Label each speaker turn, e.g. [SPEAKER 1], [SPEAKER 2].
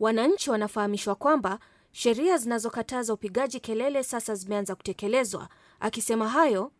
[SPEAKER 1] Wananchi wanafahamishwa kwamba sheria zinazokataza upigaji kelele sasa zimeanza kutekelezwa. Akisema hayo,